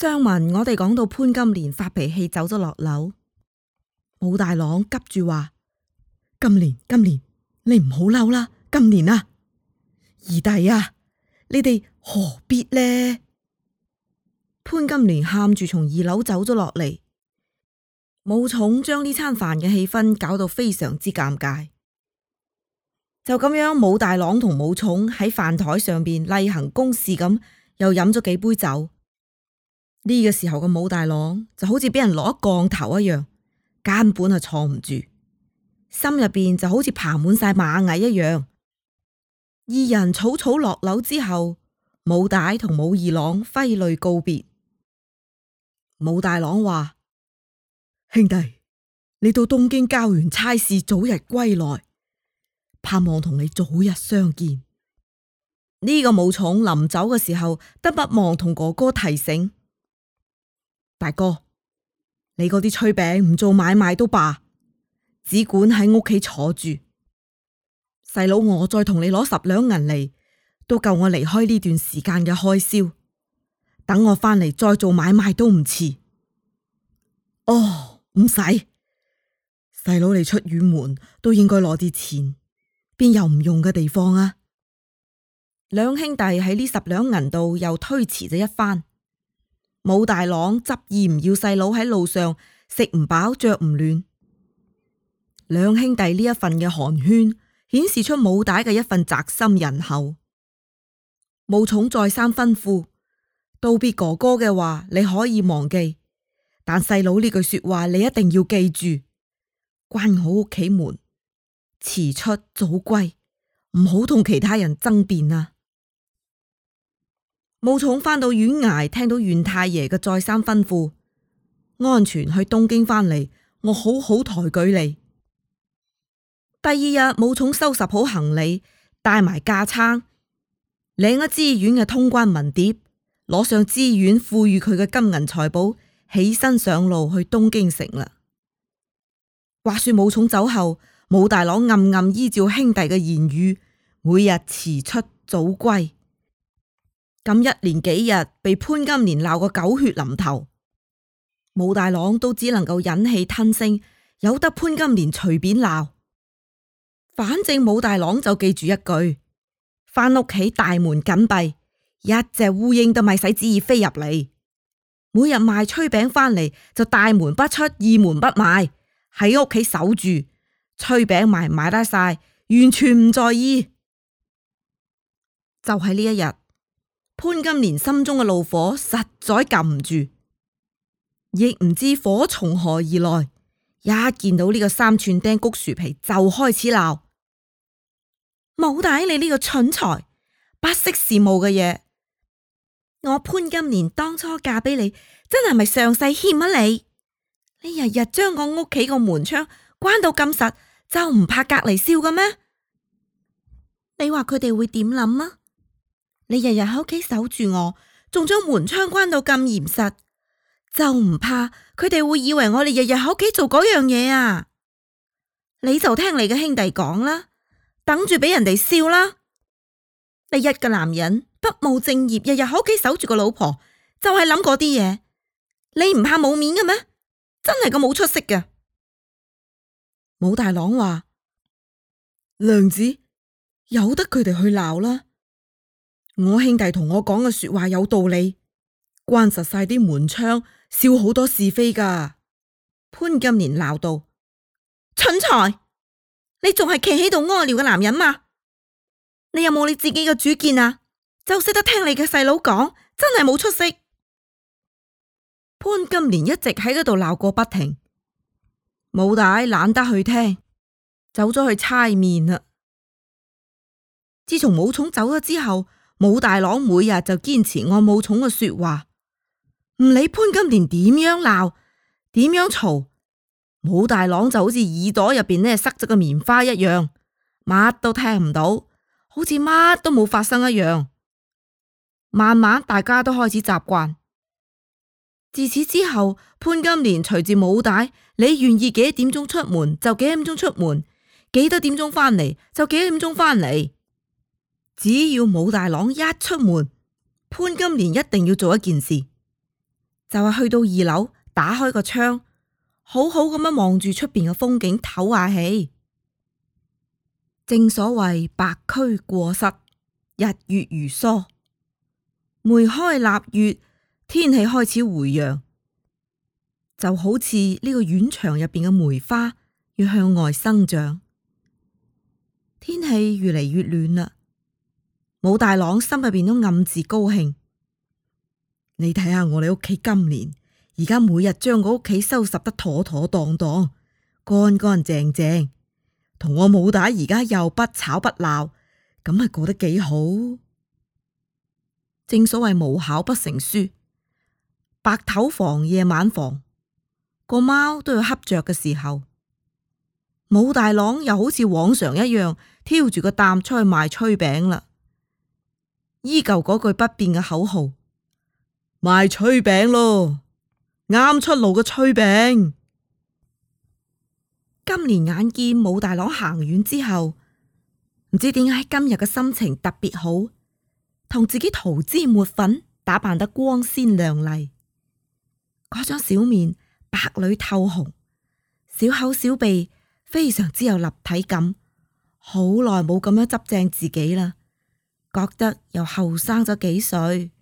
上文，我哋講到潘金蓮發脾氣走咗落樓，武大郎急住話：金蓮，金蓮你唔好嬲啦，金蓮啊，二弟啊，你哋何必呢？」潘金蓮喊住從二樓走咗落嚟，武松將呢餐飯嘅氣氛搞到非常之尷尬，就咁樣武大郎同武松喺飯台上邊例行公事咁，又飲咗幾杯酒。呢個時候嘅武大郎就好似俾人落一降頭一樣，根本係藏唔住，心入邊就好似爬滿晒螞蟻一樣。二人草草落樓之後，武大同武二郎揮淚告別。武大郎話：兄弟，你到東京交完差事，早日歸來，盼望同你早日相見。呢、這個武松臨走嘅時候，都不忘同哥哥提醒。大哥，你嗰啲炊餅唔做買賣都罷，只管喺屋企坐住。細佬，我再同你攞十兩銀嚟，都夠我離開呢段時間嘅開銷。等我翻嚟再做買賣都唔遲。哦，唔使。細佬，你出遠門都應該攞啲錢，邊有唔用嘅地方啊？兩兄弟喺呢十兩銀度又推遲咗一番。武大郎執意唔要細佬喺路上食唔飽、着唔暖。兩兄弟呢一份嘅寒暄，顯示出武大嘅一份宅心仁厚。武松再三吩咐，道別哥哥嘅話你可以忘記，但細佬呢句說話你一定要記住：關好屋企門，遲出早歸，唔好同其他人爭辯啊！武松翻到縣衙，聽到縣太爺嘅再三吩咐，安全去東京翻嚟，我好好抬舉你。第二日，武松收拾好行李，帶埋架撐，領咗知縣嘅通關文牒，攞上知縣賦予佢嘅金銀財寶，起身上路去東京城啦。話說武松走後，武大郎暗暗依照兄弟嘅言語，每日遲出早歸。咁一連幾日被潘金蓮鬧個狗血淋頭，武大郎都只能夠忍氣吞聲，由得潘金蓮隨便鬧，反正武大郎就記住一句：翻屋企大門緊閉，一隻烏蠅都咪使旨意飛入嚟。每日賣炊餅翻嚟就大門不出，二門不邁，喺屋企守住炊餅賣唔賣得晒，完全唔在意。就喺呢一日。潘金蓮心中嘅怒火實在撳唔住，亦唔知火從何而來。一見到呢個三寸釘谷樹皮就開始鬧，武大，你呢個蠢材，不識時務嘅嘢！我潘金蓮當初嫁俾你，真係咪上世欠啊你？你日日將我屋企個門窗關到咁實，就唔怕隔籬笑嘅咩？你話佢哋會點諗啊？你日日喺屋企守住我，仲將門窗關到咁嚴實，就唔怕佢哋會以為我哋日日喺屋企做嗰樣嘢啊？你就聽你嘅兄弟講啦，等住俾人哋笑啦！你一個男人不務正業，日日喺屋企守住個老婆，就係諗嗰啲嘢，你唔怕冇面嘅咩？真係個冇出息㗎。武大郎話：娘子，由得佢哋去鬧啦。我兄弟同我講嘅說話有道理，關實晒啲門窗，少好多是非噶。潘金蓮鬧道：蠢材，你仲係企喺度屙尿嘅男人嘛？你有冇你自己嘅主見啊？就識得聽你嘅細佬講，真係冇出息。潘金蓮一直喺度鬧個不停，武大懶得去聽，走咗去猜麵啦。自從武松走咗之後。武大郎每日就堅持我冇寵嘅說話，唔理潘金蓮點樣鬧，點樣嘈，武大郎就好似耳朵入邊呢塞咗個棉花一樣，乜都聽唔到，好似乜都冇發生一樣。慢慢大家都開始習慣，自此之後，潘金蓮隨住武大，你願意幾點鐘出門就幾點鐘出門，幾多點鐘翻嚟就幾點鐘翻嚟。只要武大郎一出門，潘金蓮一定要做一件事，就係去到二樓打開個窗，好好咁樣望住出邊嘅風景，唞下氣。正所謂白駒過隙，日月如梭。梅開臘月，天氣開始回陽，就好似呢個院牆入邊嘅梅花要向外生長，天氣越嚟越暖啦。武大郎心入邊都暗自高興，你睇下我哋屋企今年而家每日將個屋企收拾得妥妥當當、乾乾淨淨，同我武大而家又不吵不鬧，咁係過得幾好。正所謂無巧不成書，白頭防夜晚防，個貓都要瞌着嘅時候。武大郎又好似往常一樣，挑住個擔出去賣炊餅啦。依舊嗰句不變嘅口號，賣炊餅咯，啱出爐嘅炊餅。今年眼見武大郎行遠之後，唔知點解今日嘅心情特別好，同自己塗脂抹粉，打扮得光鮮亮麗。嗰張小面白裏透紅，小口小鼻，非常之有立體感。好耐冇咁樣執正自己啦。覺得又後生咗幾歲，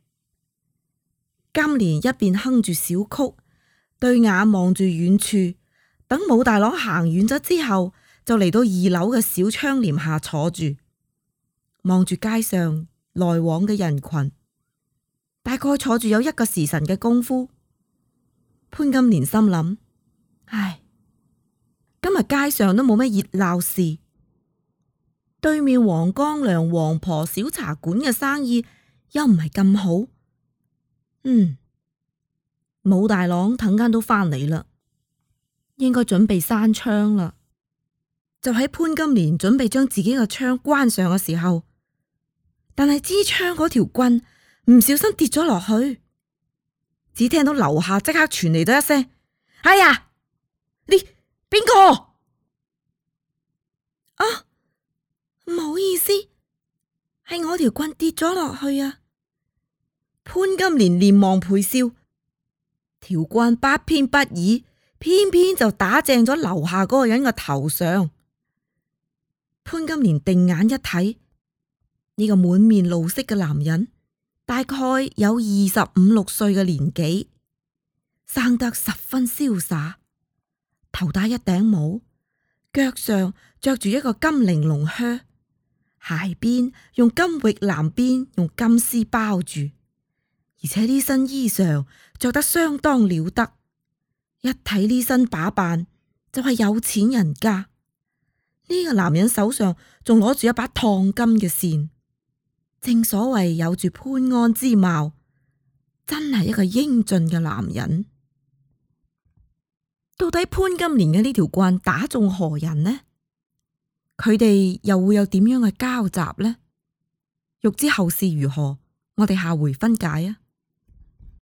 金蓮一邊哼住小曲，對眼望住遠處，等武大郎行遠咗之後，就嚟到二樓嘅小窗簾下坐住，望住街上來往嘅人群。大概坐住有一個時辰嘅功夫，潘金蓮心諗：唉，今日街上都冇咩熱鬧事。對面王乾娘王婆小茶館嘅生意又唔係咁好，嗯，武大郎等間都返嚟啦，應該準備閂窗啦。就喺潘金蓮準備將自己嘅窗關上嘅時候，但係支窗嗰條棍唔小心跌咗落去，只聽到樓下即刻傳嚟咗一聲：係啊，你邊個啊？唔好意思，係我條棍跌咗落去啊！潘金蓮連忙賠笑，條棍不偏不倚，偏偏就打正咗樓下嗰個人個頭上。潘金蓮定眼一睇，呢、這個滿面怒色嘅男人，大概有二十五六歲嘅年紀，生得十分瀟灑，頭戴一頂帽，腳上着住一個金玲瓏靴。鞋邊用金玉，藍邊用金絲包住，而且呢身衣裳着得相當了得。一睇呢身打扮就係、是、有錢人家。呢、這個男人手上仲攞住一把燙金嘅扇，正所謂有住潘安之貌，真係一個英俊嘅男人。到底潘金蓮嘅呢條棍打中何人呢？佢哋又會有點樣嘅交集咧？欲知後事如何，我哋下回分解啊！